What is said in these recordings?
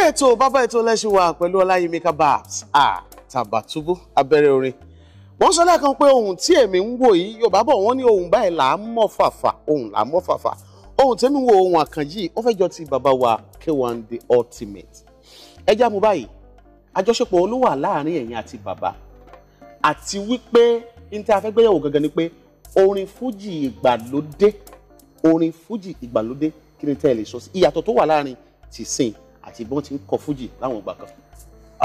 lórí ètò bàbá ètò lẹ́sìn wa pẹ̀lú ọláyímíkà babs àtàbàtúbú abẹ́rẹ́ orin wọ́n sọ lẹ́ẹ̀kan pé ohun tí èmi ń wò yìí yorùbá bọ̀ wọ́n ní ohun báyìí là á mọ̀ fàfà ohun là á mọ̀ fàfà ohun tẹ́mi wo ohun àkànjì ó fẹ́ jọ ti bàbá wa K1 the ultimate ẹ já mu báyìí àjọṣepọ̀ olúwa láàrin ẹ̀yin àti bàbá àti wípé ní tí a fẹ́ gbéyàwó gangan ni pé orin fújì ìgbàlódé orin fújì ìgbàlódé kí ni tẹ́ ẹ lè sọ sí ìyàtọ̀ tó wà láàrin tìsín àti bí wọ́n ti ń kọ fújì láwọn ìgbà kan.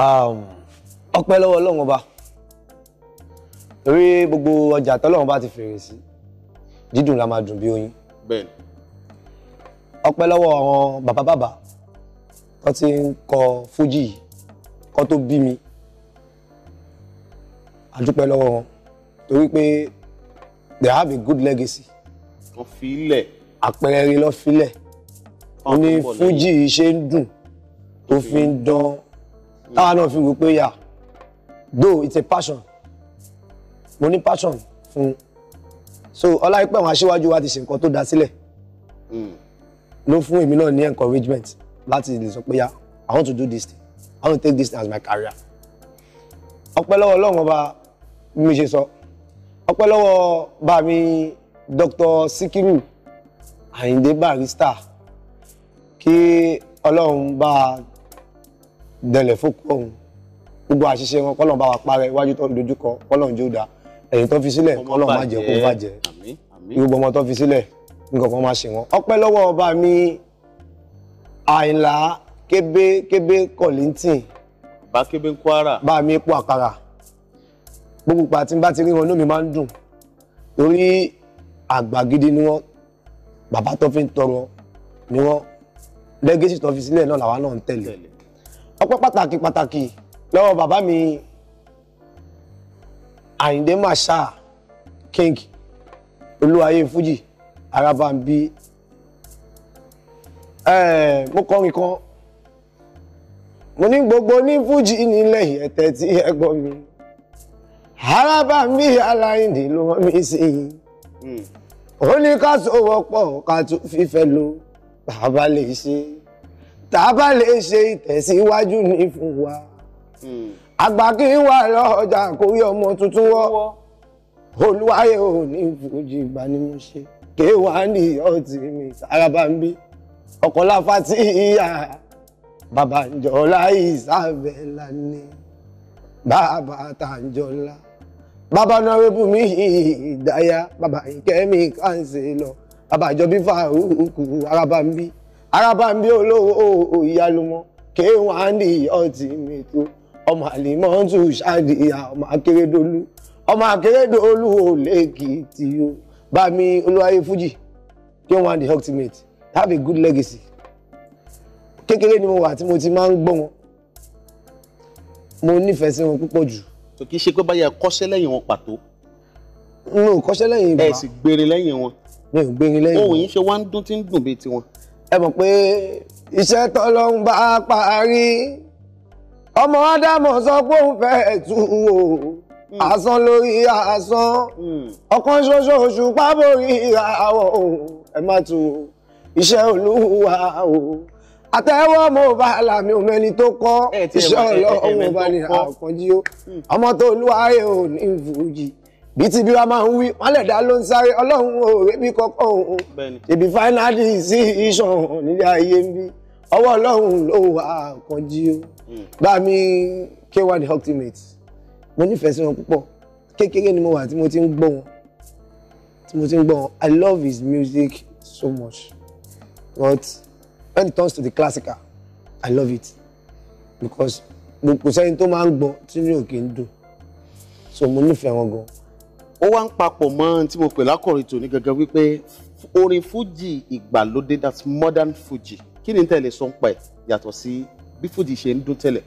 Um, ọpẹ́ lọ́wọ́ Ọlọ́run ọba torí gbogbo ọjà tọ́lọ́run bá ti fèrè sí dídùn la máa dùn bí oyin. bẹ́ẹ̀ni. ọpẹ́ lọ́wọ́ àwọn bàbá bàbá tó ti ń kọ fújì yìí kó tó bí mi àdúpẹ́ lọ́wọ́ wọn torí pé they have a good legacy. wọ́n fi ilẹ̀. àpẹẹrẹ lọ filẹ̀. wọ́n ní fújì yìí ṣe ń dùn To fi ń dán táwa náà fi wò pé yà though it's a passion mo ní passion fún so ọláìpẹ́ àwọn aṣíwájú wa ti ṣe nǹkan tó dá sílẹ̀ hmm. ló fún èmi náà ní encouragement láti lè sọ pé yà I want to do this thing I want to take this thing as my career ọpẹ́ lọ́wọ́ Ọlọ́run ọba bí mi ṣe sọ ọpẹ́ lọ́wọ́ bá mi Dr. Sikiru Àyìndé Barrister kí Ọlọ́run bá a dẹlẹ̀ fókù ọ̀hún gbogbo àṣìṣe wọn kọ́lọ̀ bá wa parẹ́ iwájú tó ń dojúkọ kọ́lọ̀ ń jó da ẹ̀yìn tó fi sílẹ̀ kọ́lọ̀ má jẹ́ kó bàjẹ́ irúgbọ ọmọ tó fi sílẹ̀ nǹkan kan má ṣe wọn. ọpẹ́ lọ́wọ́ ọba mi àìlá kébé kébé kọ̀lìntìn. bá kébé ń kwara. bá mi pò àkàrà gbogbo ìgbà tí n bá ti rí wọn inú mi máa ń dùn torí àgbà gidi ni wọn bàbá tó fi ń tọrọ ni wọn lẹ́gẹ́sì tó fi sílẹ̀ náà làwa náà ń tẹ̀lé ọpẹ́ pàtàkì pàtàkì lọ́wọ́ bàbá mi àyìndé màṣá king olúwayé fújì araba ń bí mo kọrin kan mo ní gbogbo ní fújì nílẹ̀ ẹ̀tẹ̀ tí ẹ gbọ́ mi araba ń bí aláìní ló wọ́n mi sí i hmm. ó ní ká sọ wọ́pọ̀ ká tún fífẹ́ lo bàbá lè ṣe tá a bá lè ṣe ìtẹ̀síwájú ní fún wa hmm. àgbà kí wà lọ́jà kó rí ọmọ tuntun wọ́ olúwayé ò ní ìfújì ìgbà ni mo ṣe ké wà ní ọtí mi sáraba ń bí ọkọláfa tí ìyá babàǹjọ́lá ìsàbẹ̀là ni bàbá tàǹjọ́lá bàbá nọrẹ́bù mi ìdáyà bàbá ìkẹ́mi kàǹsẹ̀ lọ bàbá àjọbí fàrúkù araba araba ń bí olówó ìyálùmọ́ kéwọn ọtí mi tó ọmọ àlìmọ́tò ṣáàdìyà ọmọ akérèdọ́lù ọmọ akérèdọ́lù olèkìtì o bá mi olúwayé fújì kéwọn andy ultimate have a good legacy kékeré ni mo wà tí mo ti máa ń gbọ́ wọn mo nífẹ̀ẹ́ sí wọn púpọ̀ jù. kò kí ṣe pé báyà kọ́ṣẹ́ lẹ́yìn wọn pàtó. n ò kọ́ṣẹ́ lẹ́yìn ìgbà. ẹ sì gbére lẹ́yìn wọn. mi ò gbére lẹ́yìn wọn. ohun yìí ṣe wá ń dún tí ń dùn bíi tiwọn ẹ mọ̀ pé iṣẹ́ tọ́lọ́hún bá parí ọmọ ádámọ̀ sọ pé òun fẹ́ tú o hmm. asán lórí asán hmm. ọ̀kan ṣoṣo òṣùpá borí àwọ̀ o ẹ má tu iṣẹ́ olúwa o àtẹ́wọ́ mo bá làmì òun ẹni tó kọ́ iṣẹ́ ọlọ́run bá ní àkànjí o ọmọ tó olúwa rẹ̀ ní ìfújì bí ti bí wa máa ń wí wọn lè dá ló ń sáré ọlọ́run ò rébi kọ́kọ́ òun ìbí fáínàdì sí iṣan nílé ayé ń bí ọwọ́ ọlọ́run ló wà kan jí o bá mi K1 the ultimate mo nífẹ̀ẹ́ sí wọn púpọ̀ kékeré ni mo wà tí mo ti ń gbọ́ wọn tí mo ti ń gbọ́ wọn I love his music so much but when it comes to the classical I love it because kò sẹ́ni tó máa ń gbọ́ tí mi ò kì í dùn so mo nífẹ̀ẹ́ wọn gan-an ó wá ń papọ̀ mọ́ tí mo pè lákọ̀ọ́rin tòní gangan wípé orin fújì ìgbàlódé that's modern Fuji. kí ni tẹ̀lé sọ ń pa ẹ̀ yàtọ̀ sí bí fújì ṣe ń dún tẹ́lẹ̀.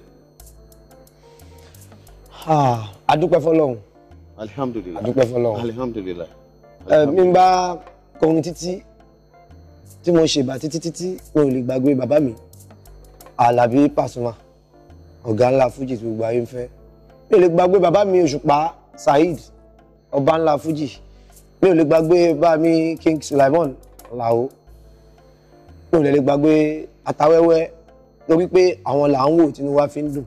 a dúpẹ́ fọlọ́run. alihamudulilayi a dúpẹ́ fọlọ́run. alihamudulilayi. ẹ mi bá kọrin títí tí mo ṣe bá títí títí mi ò lè gbàgbé bàbá mi Àlàbí Pasuma ọ̀gá ńlá fújì tí gbogbo ayé ń fẹ́ mi lè gbàgbé bàbá mi Òṣùpá Saheed ọba ńlá fújì mi ò lè gbàgbé bá mi king Sulaiman làwọ mi ò lè gbàgbé àtàwẹ́wẹ́ lórí pé àwọn là ń wò tínú wa fi ń dùn.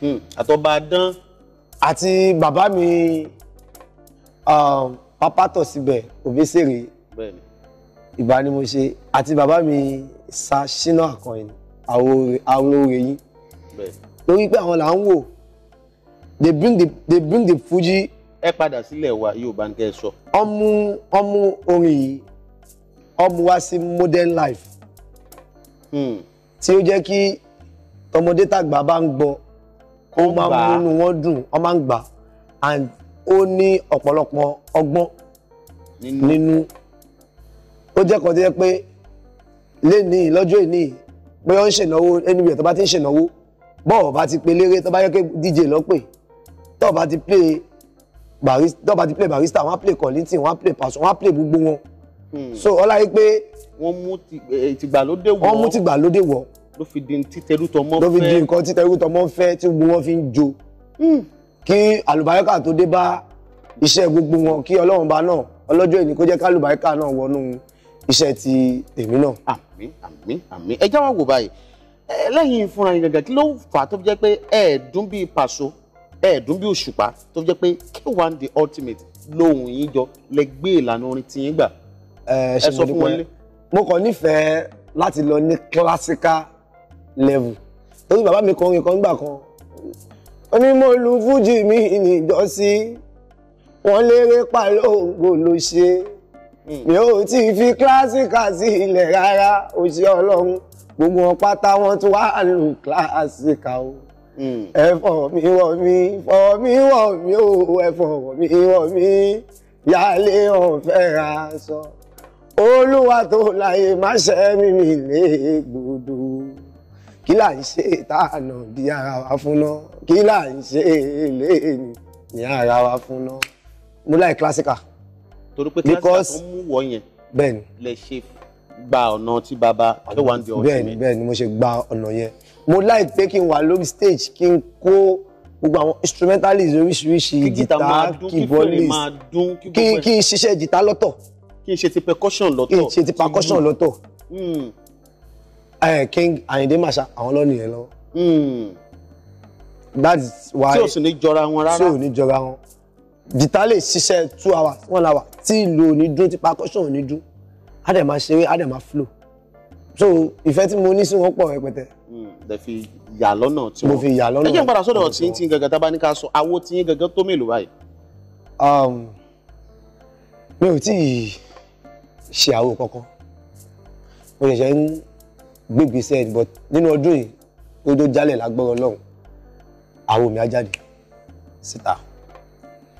Hmm, àtọ́ba dán. àti bàbá mi pápá tọ̀ síbẹ̀ òbésèrè ìbá ni mo ṣe àti bàbá mi sa ṣínà àkànyìn àwọn oore yìí lórí pé àwọn là ń wò they bring the they bring the fuji ẹ padà sílẹ̀ wa yóò bá ń kẹ́ ẹ sọ. ọmú ọmú orin yìí ọmú wá sí modern life hmm. tí ó jẹ́ kí tọmọdé tàgbà bá ń gbọ́ ó máa ń múnú wọn dùn ó máa ń gbà and ó ní ọ̀pọ̀lọpọ̀ ọgbọ́n nínú ó jẹ́ kan tó jẹ́ pé lẹ́ni lọ́jọ́ ìní pé ó ń ṣènáwó ẹni bí ẹ̀ tó bá ti ń ṣènáwó bọ́ọ̀ bá ti pe léré tó bá yẹ kí DJ lọ́pẹ́ tó bá ti play barista tó bá ti play barista wọ́n á play Kollington wọ́n á play Pasuma wọ́n á play gbogbo wọn. Hmm. so ọlá yìí pé. wọ́n mú eh, tìgbàlódé wọ̀ wọ́n mú tìgbàlódé wọ̀. ló fi di títẹrútọmọ fẹ́ ló fi di nǹkan títẹrútọmọ fẹ́ tí gbogbo wọn fi ń jó. Hmm. kí àlùbáríkà tó dé bá iṣẹ́ gbogbo wọn kí ọlọ́run bá náà ọlọ́jọ́ ìní kó jẹ́ kálùbáríkà náà wọnú iṣẹ́ ti èmi náà. àmín àmín àmín ẹ já wá wò báyìí lẹ́yìn ìfúnra yín gàgà kí ló fà á tó fi jẹ́ pé ẹ̀ẹ́dún bíi pàṣọ ẹ̀ẹ́dún bí òṣùpá tó jẹ́ pé K1 the ultimate lóhùn yín jọ lẹ gbé ìlànà orin tí yín gbà ẹ sọ fún wọn lé. mo kàn nífẹ̀ẹ́ láti lọ ní classical level torí bàbá mi kọrin kan gbà kan ó ní mo lu fújì mi níjọ́sí wọ́n lérè pàlóògbò ló ṣe hmm. mi ò tí ì fi classical sí ilẹ̀ rárá ó ṣe ọlọ́run gbogbo wọn pátá wọn tún wá lu classical o ẹ̀fọ́ mi wọ̀ mí fọ́ mi wọ̀ mí o ẹ̀fọ́ mi wọ̀ mí yálé ọ̀fẹ́ ra sọ olúwa tó láyé má ṣe mí mi lé gbòdò kí là ń ṣe tàànà di ara wa fún náà kí là ń ṣe lé ní ara wa fún náà mo láì classical. torí pé classical tó mú wọ yẹn bẹ́ẹ̀ni lè ṣe gba ọ̀nà tí bàbá tó ń di ọ̀sìn mi. bẹ́ẹ̀ni bẹ́ẹ̀ni mo ṣe gba ọ̀nà yẹn mo like pé kí n wà lórí stage kí n kó gbogbo àwọn instrumentalist oríṣiríṣi guitar keyboardist kí kí n ṣiṣẹ́ guitar lọ́tọ̀. kí n ṣe ti percussion lọ́tọ̀. kí n ṣe ti hmm. percussion lọ́tọ̀. Hmm. King Ayinde Marshal àwọn lọ́nìí yẹn lọ́wọ́. Hmm. that is why tí ò sì ní jọra wọn rárá. tí ò ní jọra wọn guitar lè ṣiṣẹ́ two hours one hour tí ìlú ò ní dún tí percussion ò ní dún á dẹ̀ máa ṣeré á dẹ̀ máa flow so ìfẹ́ tí mo ní sí wọn pọ̀ rẹpẹtẹ. lè hmm, fi yà lọ́nà tí wọn mo fi yà lọ́nà. ẹ jẹ́ n padà sọ́dọ̀ tí tí gangan tá a bá ní ká sọ awo tí gangan tó mélòó báyìí. Um, mi ò tí ì ṣe àwo kankan mo ṣẹ̀ṣẹ̀ ń gbégbèsè ẹ̀ but nínú ọdún yìí ó tó jálẹ̀ lágbọ́rọ̀ ọlọ́run àwo mi á jáde síta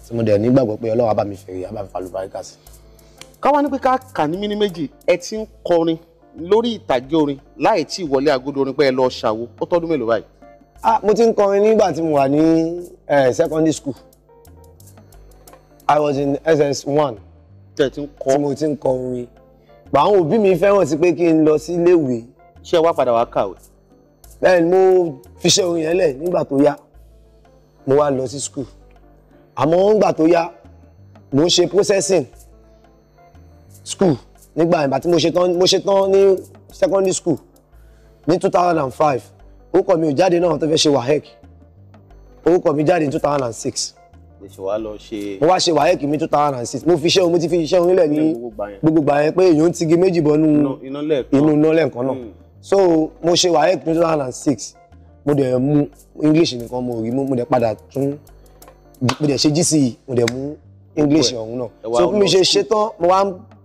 tí mo dẹ̀ nígbàgbọ́ pé ọlọ́run á bá mi fèrè á bá mi falùbáríkà sí. káwa ní pé ká kà ní mímí lórí ìtàgé orin láì tí ì wọlé agodo orin pé ẹ lọ ṣàwo ó tọ́dún mélòó báyìí. ah mo ti ń kọrin nígbà tí mo wà ní secondary school i was in ss1 tẹ̀ tí ń kọ tí mo ti ń kọ orin pa òbí mi fẹ́ràn sí pé kí n lọ sí iléèwé. ṣé ẹ wá padà wá kàwé. bẹ́ẹ̀ ni mo fi ṣe orin yẹn lẹ̀ nígbà tó yá mo wá lọ sí school àmọ́ nígbà tó yá mo ń ṣe processing school nígbà ìgbà tí mo ṣe tán mo ṣe tán ní secondary school ní two thousand and five orúkọ mi ò jáde náà tó fẹ́ ṣe WAEC orúkọ mi jáde ní two thousand and six mo wá ṣe WAEC mi two thousand and six mo fi iṣẹ́ ohun ti fi iṣẹ́ ohun nílẹ̀ ní gbogbo gbà yẹn pé èèyàn ń tigi méjì bọ́ inú iná lẹ́ẹ̀kan náà hmm. so mo ṣe WAEC ní two thousand and six mo dẹ̀ mú English nìkan mo rí mo dẹ̀ padà tún mo dẹ̀ ṣe GC, e, mo dẹ̀ mú English ọ̀hún náà so bí mi ṣe ṣetán mo wá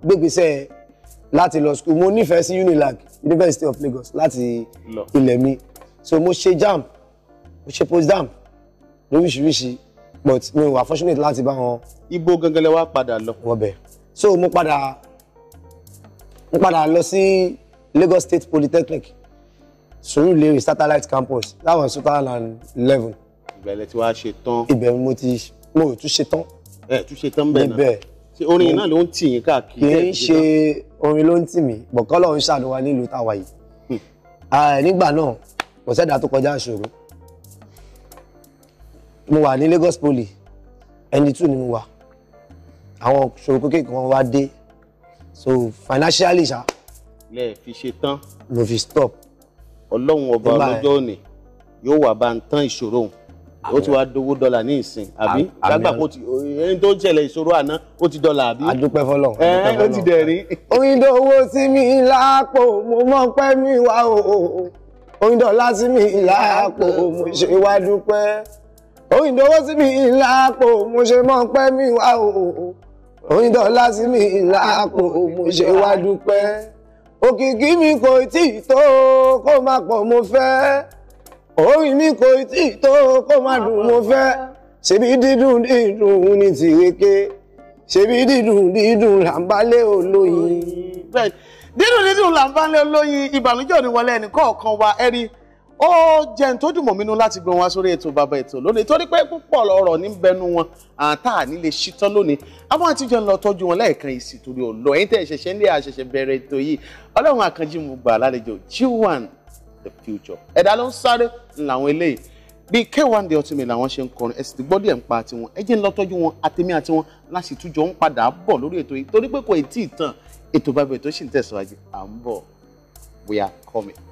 gbégbèsè láti lọ school mo nífẹ̀ẹ́ sí unilag university of lagos láti ilẹ̀ mi so mo ṣe jam mo ṣe postdam lóríṣiríṣi but mi wà fortunate láti bá wọn. ibo gangan lẹ wá padà lọ. wọ́n so mo padà mo padà lọ sí lagos state polytechnic Surulere satellite campus that was two thousand and eleven. ìbẹ̀rẹ̀ tí wàá ṣe tán. ìbẹ̀rẹ̀ mo ti mo ò tún ṣe tán. ẹ tún ṣe tán bẹ́ẹ̀ náà níbẹ̀. orin náà ló ń tì yín káàkiri. kì í ṣe orin ló ń tì mí bọ̀kọ́ lọ́run ṣàánú wa nílùú táwa yìí hmm. ah, nígbà náà kò sẹ́dá tó kọjá ìṣòro mo wà ní Lagos Poly ẹni tù ni mo wà àwọn ìṣòro kékeré kan wá dé so financially ṣá. lẹ fi ṣe tán. mo fi stop. ọlọ́run ọba ọlọ́jọ́ òní yóò wà bá ń tán ìṣòro òun ó ti wá dowó dọ́là ní ìsìn àbí lágbà kó ti ẹni tó ń ṣẹlẹ̀ ìṣòro àná ó ti dọ́là àbí. adúpẹ́ fọlọ́ ẹ ó ti dẹ̀ rí. oyin dowó sí mi lápò mo mọ̀ pé mi wá o oyin dọ́là sí mi lápò mo ṣe wá dúpẹ́ oyin dowó sí mi lápò mo ṣe mọ̀ pé mi wá o oyin dọ́là sí mi lápò mo ṣe wá dúpẹ́ òkìkí mi kò tí ì tó kó má pọ̀ mo fẹ́ orin mi kò tí tó kó má dùn mo fẹ́ ṣebí dídùn dídùn ní tìrèké ṣebí dídùn dídùn là ń bálé olóyin. dídùn dídùn là ń bálé olóyin ìbànújẹ́ ò ní wọlé ẹnì kọ̀ọ̀kan wa ẹ̀rí ó jẹ́ ní tó dùn mọ́ mínú láti gbọ́n wá sórí ètò bàbá ètò lónìí torí pé púpọ̀ ọ̀rọ̀ ní bẹnu wọn àtà nílé ṣítọ́ lónìí àwọn àtijọ́ ń lọ tọ́jú wọn lẹ́ẹ̀kan ìsì torí ọ̀lọ́ ẹ̀yìn tẹ̀ ṣẹ̀ṣẹ̀ ń àṣẹ̀ṣẹ̀ bẹ̀rẹ̀ ètò yìí ọlọ́run àkànjí mo gbà lálejò Gwan the future ẹ̀dá ló ń sáré làwọn eléyìí bíi K1 The Ultimate làwọn ṣe ń kọrin ẹ sì ti gbọ́ díẹ̀ ń pa tiwọn ẹ jẹ́ ń lọ wọn àtẹ̀mí àti wọn láti tújọ ń padà bọ̀ lórí ètò yìí torí pé kò tí ì tàn ètò bàbá ètò sì ń tẹ̀síwájú à ń bọ̀ we are coming.